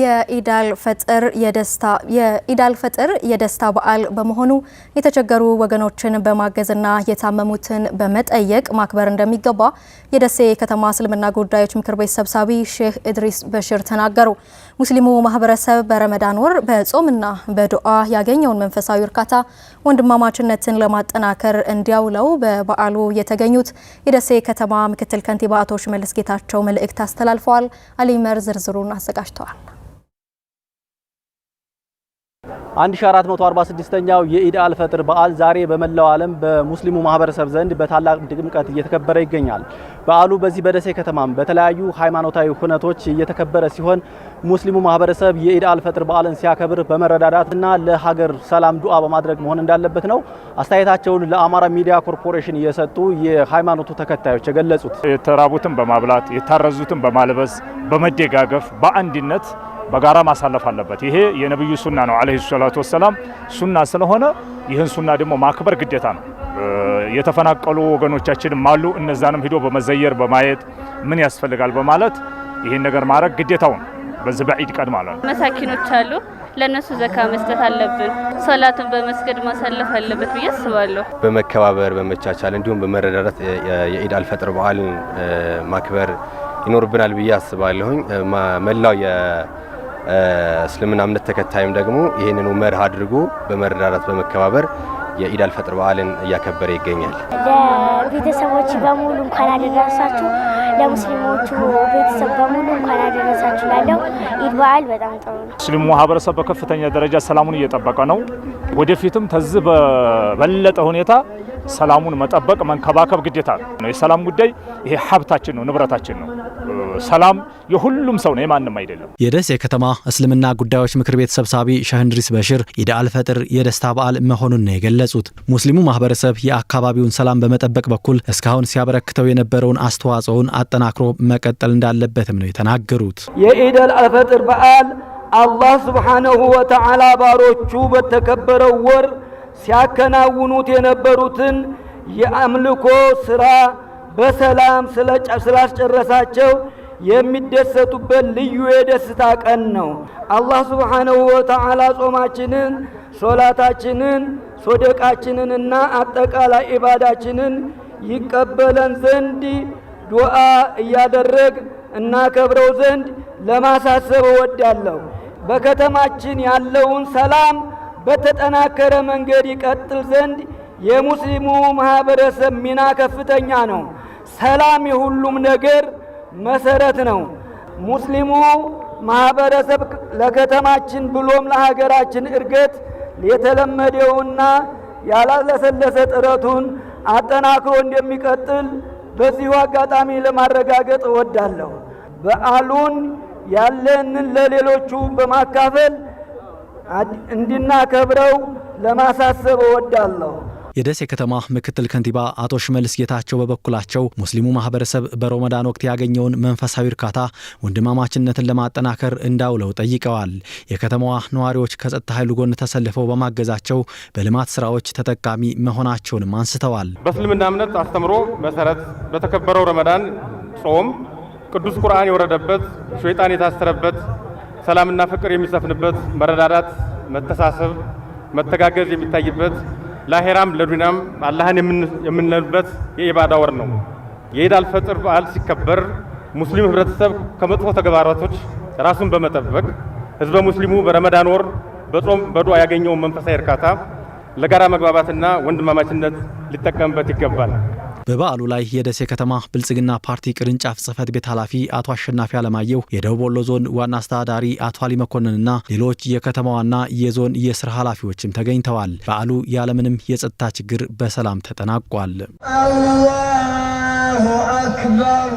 የኢዳል ፈጥር የደስታ የኢዳል ፈጥር የደስታ በዓል በመሆኑ የተቸገሩ ወገኖችን በማገዝና የታመሙትን በመጠየቅ ማክበር እንደሚገባ የደሴ ከተማ እስልምና ጉዳዮች ምክር ቤት ሰብሳቢ ሼህ እድሪስ በሽር ተናገሩ። ሙስሊሙ ማህበረሰብ በረመዳን ወር በጾምና በዱዓ ያገኘውን መንፈሳዊ እርካታ ወንድማማችነትን ለማጠናከር እንዲያውለው በበዓሉ የተገኙት የደሴ ከተማ ምክትል ከንቲባ አቶ ሽመልስ ጌታቸው መልእክት አስተላልፈዋል። አሊመር ዝርዝሩን አዘጋጅተዋል። 1446ኛው የኢድ አልፈጥር በዓል ዛሬ በመላው ዓለም በሙስሊሙ ማህበረሰብ ዘንድ በታላቅ ድምቀት እየተከበረ ይገኛል። በዓሉ በዚህ በደሴ ከተማም በተለያዩ ሃይማኖታዊ ሁነቶች እየተከበረ ሲሆን ሙስሊሙ ማህበረሰብ የኢድ አልፈጥር በዓልን ሲያከብር በመረዳዳትና ለሀገር ሰላም ዱዓ በማድረግ መሆን እንዳለበት ነው አስተያየታቸውን ለአማራ ሚዲያ ኮርፖሬሽን የሰጡ የሃይማኖቱ ተከታዮች የገለጹት። የተራቡትን በማብላት የታረዙትን በማልበስ በመደጋገፍ በአንድነት በጋራ ማሳለፍ አለበት። ይሄ የነብዩ ሱና ነው አለይሂ ሰላቱ ወሰላም ሱና ስለሆነ ይህን ሱና ደግሞ ማክበር ግዴታ ነው። የተፈናቀሉ ወገኖቻችንም አሉ። እነዛንም ሂዶ በመዘየር በማየት ምን ያስፈልጋል በማለት ይህን ነገር ማድረግ ግዴታው ነው። በዚህ በዒድ ቀን ማለት ነው። መሳኪኖች አሉ፣ ለእነሱ ዘካ መስጠት አለብን። ሶላትን በመስገድ ማሳለፍ አለበት ብዬ አስባለሁ። በመከባበር በመቻቻል እንዲሁም በመረዳዳት የኢድ አልፈጥር በዓልን ማክበር ይኖርብናል ብዬ አስባለሁኝ መላው እስልምና እምነት ተከታይም ደግሞ ይህንኑ መርህ አድርጎ በመረዳዳት በመከባበር የኢዳል ፈጥር በዓልን እያከበረ ይገኛል። ለቤተሰቦች በሙሉ እንኳን አደረሳችሁ፣ ለሙስሊሞቹ ቤተሰብ በሙሉ እንኳን አደረሳችሁ። ላለው ኢድ በዓል በጣም ጥሩ ነው። ሙስሊሙ ማህበረሰብ በከፍተኛ ደረጃ ሰላሙን እየጠበቀ ነው። ወደፊትም ተዝህ በበለጠ ሁኔታ ሰላሙን መጠበቅ መንከባከብ ግዴታ ነው። የሰላም ጉዳይ ይሄ ሀብታችን ነው፣ ንብረታችን ነው። ሰላም የሁሉም ሰው ነው፣ የማንም አይደለም። የደሴ ከተማ እስልምና ጉዳዮች ምክር ቤት ሰብሳቢ ሼህ እንድሪስ በሽር ኢድ አልፈጥር የደስታ በዓል መሆኑን ነው የገለጹት። ሙስሊሙ ማህበረሰብ የአካባቢውን ሰላም በመጠበቅ በኩል እስካሁን ሲያበረክተው የነበረውን አስተዋጽኦን አጠናክሮ መቀጠል እንዳለበትም ነው የተናገሩት። የኢድ አልፈጥር በዓል አላህ ስብሓነሁ ወተዓላ ባሮቹ በተከበረው ወር ሲያከናውኑት የነበሩትን የአምልኮ ስራ በሰላም ስላስጨረሳቸው የሚደሰቱበት ልዩ የደስታ ቀን ነው። አላህ ሱብሓነሁ ወተዓላ ጾማችንን፣ ሶላታችንን፣ ሶደቃችንን እና አጠቃላይ ኢባዳችንን ይቀበለን ዘንድ ዱዓ እያደረግ እናከብረው ዘንድ ለማሳሰብ እወዳለሁ። በከተማችን ያለውን ሰላም በተጠናከረ መንገድ ይቀጥል ዘንድ የሙስሊሙ ማህበረሰብ ሚና ከፍተኛ ነው። ሰላም የሁሉም ነገር መሰረት ነው። ሙስሊሙ ማህበረሰብ ለከተማችን ብሎም ለሀገራችን እድገት የተለመደውና ያላለሰለሰ ጥረቱን አጠናክሮ እንደሚቀጥል በዚሁ አጋጣሚ ለማረጋገጥ እወዳለሁ። በዓሉን ያለንን ለሌሎቹ በማካፈል እንድናከብረው ለማሳሰብ እወዳለሁ። የደሴ ከተማ ምክትል ከንቲባ አቶ ሽመልስ ጌታቸው በበኩላቸው ሙስሊሙ ማህበረሰብ በሮመዳን ወቅት ያገኘውን መንፈሳዊ እርካታ ወንድማማችነትን ለማጠናከር እንዳውለው ጠይቀዋል። የከተማዋ ነዋሪዎች ከጸጥታ ኃይሉ ጎን ተሰልፈው በማገዛቸው በልማት ስራዎች ተጠቃሚ መሆናቸውንም አንስተዋል። በእስልምና እምነት አስተምሮ መሰረት በተከበረው ረመዳን ጾም ቅዱስ ቁርአን የወረደበት፣ ሸይጣን የታሰረበት፣ ሰላምና ፍቅር የሚሰፍንበት፣ መረዳዳት፣ መተሳሰብ፣ መተጋገዝ የሚታይበት ለአሄራም ለዱናም አላህን የምንለምንበት የኢባዳ ወር ነው። የኢድ አልፈጥር በዓል ሲከበር ሙስሊም ህብረተሰብ ከመጥፎ ተግባራቶች ራሱን በመጠበቅ ህዝበ ሙስሊሙ በረመዳን ወር በጾም በዱዓ ያገኘውን መንፈሳዊ እርካታ ለጋራ መግባባትና ወንድማማችነት ሊጠቀምበት ይገባል። በበዓሉ ላይ የደሴ ከተማ ብልጽግና ፓርቲ ቅርንጫፍ ጽህፈት ቤት ኃላፊ አቶ አሸናፊ አለማየሁ፣ የደቡብ ወሎ ዞን ዋና አስተዳዳሪ አቶ አሊ መኮንንና ሌሎች የከተማዋና የዞን የስራ ኃላፊዎችም ተገኝተዋል። በዓሉ ያለምንም የጸጥታ ችግር በሰላም ተጠናቋል። አላሁ አክበር